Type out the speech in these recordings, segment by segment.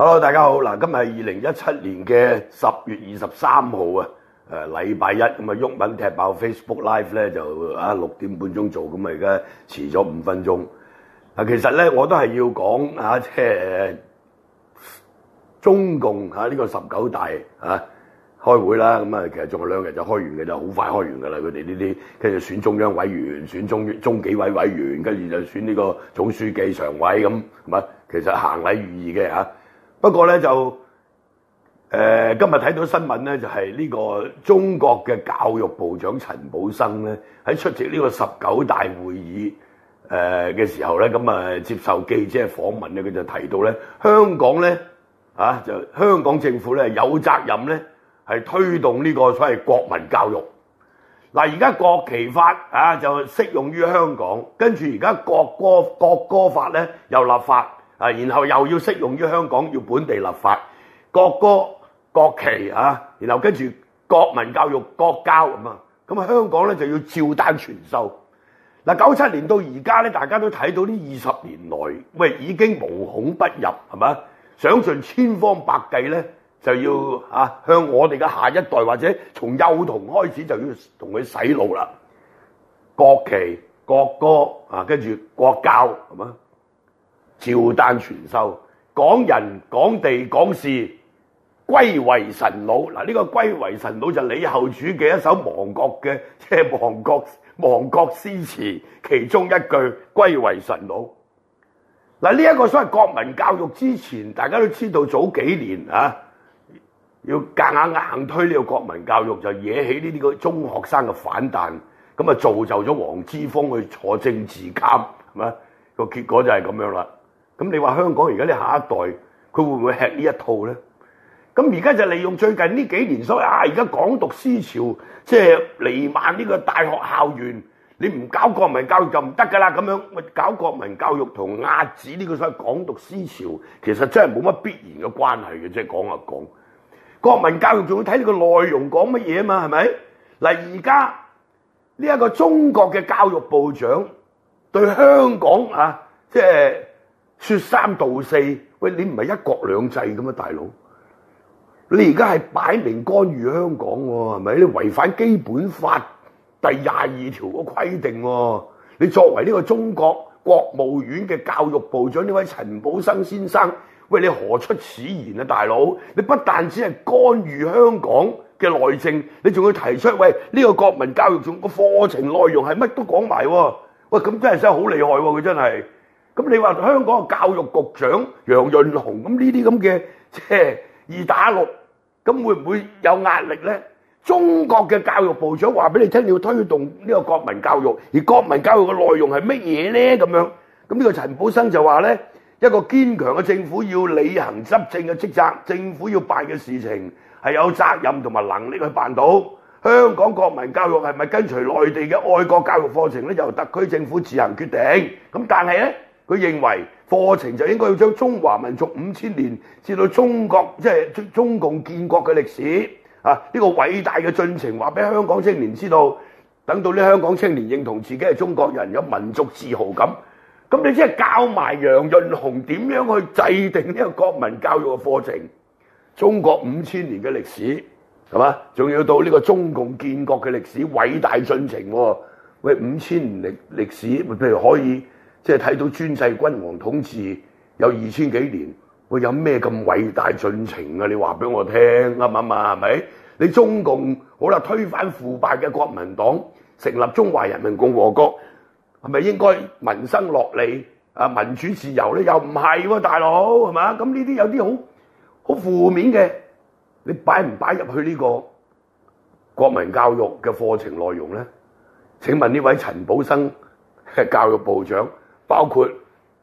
Hello，大家好嗱！今日係二零一七年嘅十月二十三號啊，誒，禮拜一咁啊，毓民踢爆 Facebook Live 咧，就啊六點半鐘做，咁啊而家遲咗五分鐘。啊，其實咧我都係要講啊，即係中共啊呢個十九大啊開會啦，咁啊其實仲有兩日就開完嘅，就好快就開完噶啦佢哋呢啲，跟住選中央委員、選中中紀委委員，跟住就選呢個總書記常委咁，咁啊其實行禮如儀嘅吓。啊不過呢，就誒，今日睇到新聞呢，就係呢個中國嘅教育部長陳寶生呢，喺出席呢個十九大會議誒嘅時候呢，咁啊接受記者訪問呢，佢就提到呢，香港呢，啊，就香港政府呢，有責任呢，係推動呢個所謂國民教育。嗱，而家國旗法啊就適用於香港，跟住而家國歌國歌法呢，又立法。啊，然後又要適用於香港，要本地立法、國歌、國旗啊，然後跟住國民教育、國教。咁啊，咁香港咧就要照單全收。嗱，九七年到而家咧，大家都睇到呢二十年來喂已經無孔不入，係嘛？想盡千方百計咧，就要啊向我哋嘅下一代或者從幼童開始就要同佢洗腦啦。國旗、國歌啊，跟住國教咁啊。照單全收，港人港地港事，歸為臣虜。嗱。呢個歸為臣虜」就李後主嘅一首亡國嘅即係亡國，亡國詩詞其中一句歸為臣虜」。嗱。呢一個所謂國民教育之前，大家都知道早幾年啊，要夾硬硬推呢個國民教育就惹起呢啲個中學生嘅反彈，咁啊造就咗黃之鋒去坐政治監，係咪啊？個結果就係咁樣啦。咁你話香港而家你下一代佢會唔會吃呢一套呢？咁而家就利用最近呢幾年所謂啊，而家港獨思潮，即係瀰漫呢個大學校園，你唔搞國民教育就唔得噶啦。咁樣搞國民教育同壓止呢個所謂港獨思潮，其實真係冇乜必然嘅關係嘅，即係講啊講。國民教育仲要睇你個內容講乜嘢嘛，係咪？嗱，而家呢一個中國嘅教育部長對香港啊，即係。說三道四，喂，你唔係一國兩制㗎嘛，大佬！你而家係擺明干預香港喎，係咪？你違反基本法第廿二條個規定喎。你作為呢個中國國務院嘅教育部長呢位陳寶生先生，喂，你何出此言啊，大佬？你不但只係干預香港嘅內政，你仲要提出喂呢個國民教育總個課程內容係乜都講埋，喂，咁真係真係好厲害喎，佢真係。咁你話香港嘅教育局長楊潤雄咁呢啲咁嘅即係二打六，咁會唔會有壓力呢？中國嘅教育部長話俾你聽，你要推動呢個國民教育，而國民教育嘅內容係乜嘢呢？咁樣咁呢個陳寶生就話呢，一個堅強嘅政府要履行執政嘅職責，政府要辦嘅事情係有責任同埋能力去辦到。香港國民教育係咪跟隨內地嘅愛國教育課程咧？由特區政府自行決定。咁但係呢？佢認為課程就應該要將中華民族五千年至到中國即係中共建國嘅歷史啊呢、這個偉大嘅進程話俾香港青年知道，等到啲香港青年認同自己係中國人，有民族自豪感，咁、啊、你即係教埋楊潤雄點樣去制定呢個國民教育嘅課程，中國五千年嘅歷史係嘛？仲要到呢個中共建國嘅歷史偉大進程喎，喂、啊、五千年歷歷史，譬如可以。即係睇到專制君王統治有二千幾年，會有咩咁偉大進程啊？你話俾我聽啊啱嘛，係咪？你中共好啦，推翻腐敗嘅國民黨，成立中華人民共和國，係咪應該民生樂利啊？民主自由呢？又唔係喎，大佬係嘛？咁呢啲有啲好好負面嘅，你擺唔擺入去呢個國民教育嘅課程內容呢？請問呢位陳寶生教育部長？包括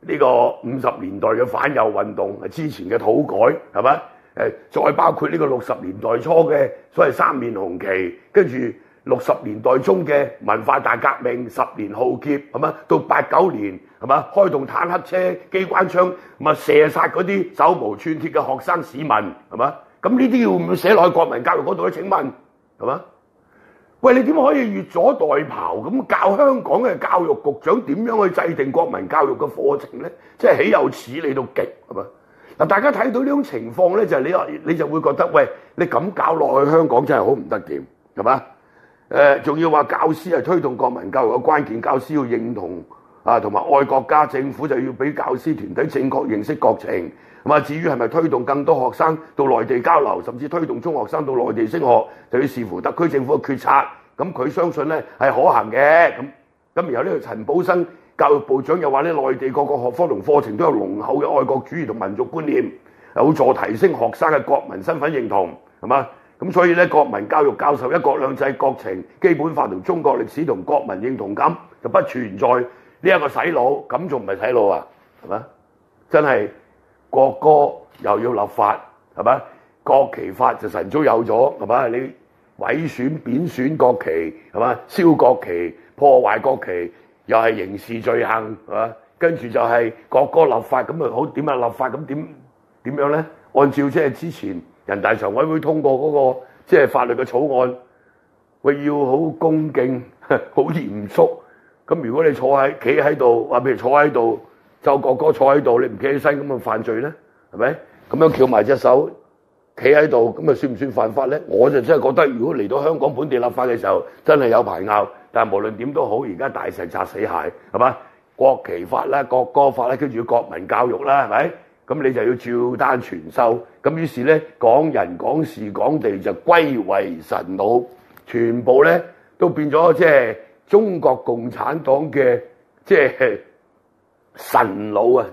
呢個五十年代嘅反右運動，之前嘅土改，係咪？誒，再包括呢個六十年代初嘅所謂三面紅旗，跟住六十年代中嘅文化大革命十年浩劫，係咪？到八九年，係咪？開動坦克車、機關槍，咪射殺嗰啲手無寸鐵嘅學生市民，係咪？咁呢啲要唔要寫落去國民教育嗰度咧？請問係咪？是吧。餵！你點可以越俎代庖咁教香港嘅教育局長點樣去制定國民教育嘅課程呢？即係豈有此理到極，係咪？嗱，大家睇到呢種情況咧，就係、話、你你就會覺得餵你咁搞落去香港真係好唔得掂，係嘛？呃、仲要話教師係推動國民教育嘅關鍵，教師要認同。啊，同埋愛國家，政府就要俾教師團體正確認識國情，至於係咪推動更多學生到內地交流，甚至推動中學生到內地升學，就要視乎特區政府嘅決策。咁佢相信咧係可行嘅。咁咁，然後呢個陳寶生教育部長又話咧，內地各個學科同課程都有濃厚嘅愛國主義同民族觀念，有助提升學生嘅國民身份認同，係嘛？咁所以咧，國民教育教授一國兩制國情基本法同中國歷史同國民認同感就不存在。呢一個洗腦咁仲唔係洗腦啊？係嘛，真係國歌又要立法，係嘛？國旗法就神早有咗，係嘛？你毀損、貶損國旗，係嘛？燒國旗、破壞國旗，又係刑事罪行，係嘛？跟住就係，國歌立法，咁咪好點啊？立法咁點點樣咧？按照即係之前人大常委會通過嗰個即係法律嘅草案，喂，要好恭敬、好嚴肅。咁如果你坐喺、企喺度，話譬如坐喺度，周哥哥坐喺度，你唔企起身咁啊犯罪咧，係咪？咁樣翹埋隻手企喺度，咁啊算唔算犯法咧？我就真係覺得，如果嚟到香港本地立法嘅時候，真係有排拗。但係無論點都好，而家大石砸死蟹係嘛？國旗法啦、國歌法啦，跟住國民教育啦，係咪？咁你就要照單全收。咁於是咧，港人港事港地就歸為臣虜，全部咧都變咗即係。中國共產黨嘅即係臣奴啊，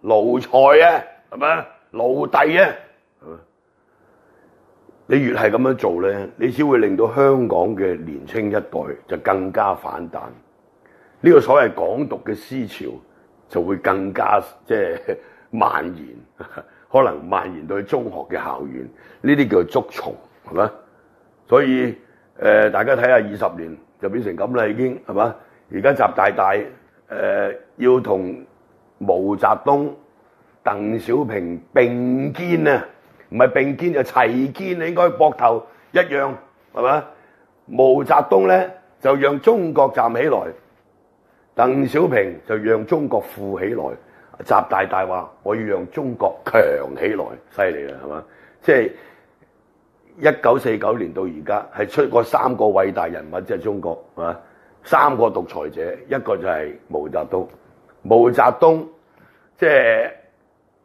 奴才啊，係咪奴隸啊，係咪？你越係咁樣做咧，你只會令到香港嘅年青一代就更加反彈，呢、這個所謂港獨嘅思潮就會更加即係蔓延，可能蔓延到去中學嘅校園，呢啲叫捉蟲係咪？所以誒、呃，大家睇下二十年。就變成咁啦，已經係嘛？而家習大大誒、呃、要同毛澤東、鄧小平並肩啊，唔係並肩就齊肩，你應該膊頭一樣係嘛？毛澤東咧就讓中國站起來，鄧小平就讓中國富起來，習大大話我要讓中國強起來，犀利啦係嘛？即係。一九四九年到而家，係出過三個偉大人物，即係中國，係嘛？三個獨裁者，一個就係毛澤東。毛澤東即係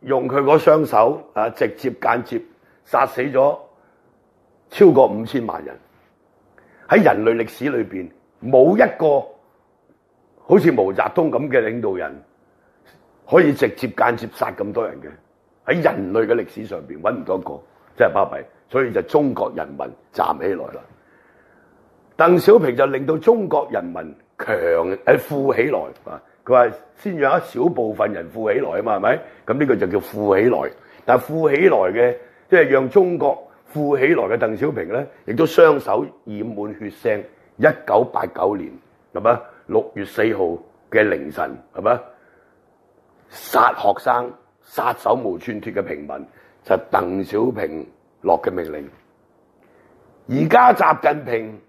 用佢嗰雙手啊，直接間接殺死咗超過五千萬人。喺人類歷史裏邊，冇一個好似毛澤東咁嘅領導人，可以直接間接殺咁多人嘅。喺人類嘅歷史上邊，揾唔到一個。即係巴閉，所以就中國人民站起來啦。鄧小平就令到中國人民強誒富起來啊！佢話先讓一小部分人富起來啊嘛，係咪？咁、這、呢個就叫富起來。但係富起來嘅，即、就、係、是、讓中國富起來嘅鄧小平呢，亦都雙手染滿血腥。一九八九年，係咪六月四號嘅凌晨，係咪殺學生、殺手無寸鐵嘅平民？就鄧小平落嘅命令，而家習近平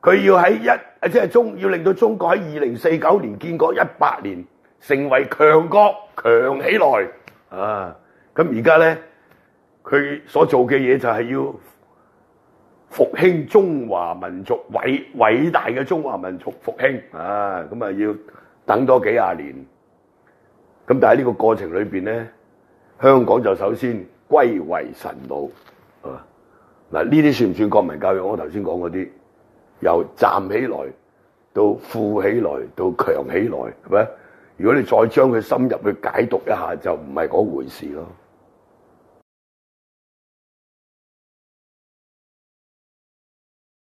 佢要喺一，即係中，要令到中國喺二零四九年建國一百年，成為強國強起來啊！咁而家呢，佢所做嘅嘢就係要復興中華民族偉偉大嘅中華民族復興啊！咁啊要等多幾廿年，咁但係呢個過程裏邊呢。香港就首先歸為臣虜，嗱呢啲算唔算國民教育？我頭先講嗰啲，由站起來到富起來到強起來，係咪？如果你再將佢深入去解讀一下，就唔係嗰回事咯。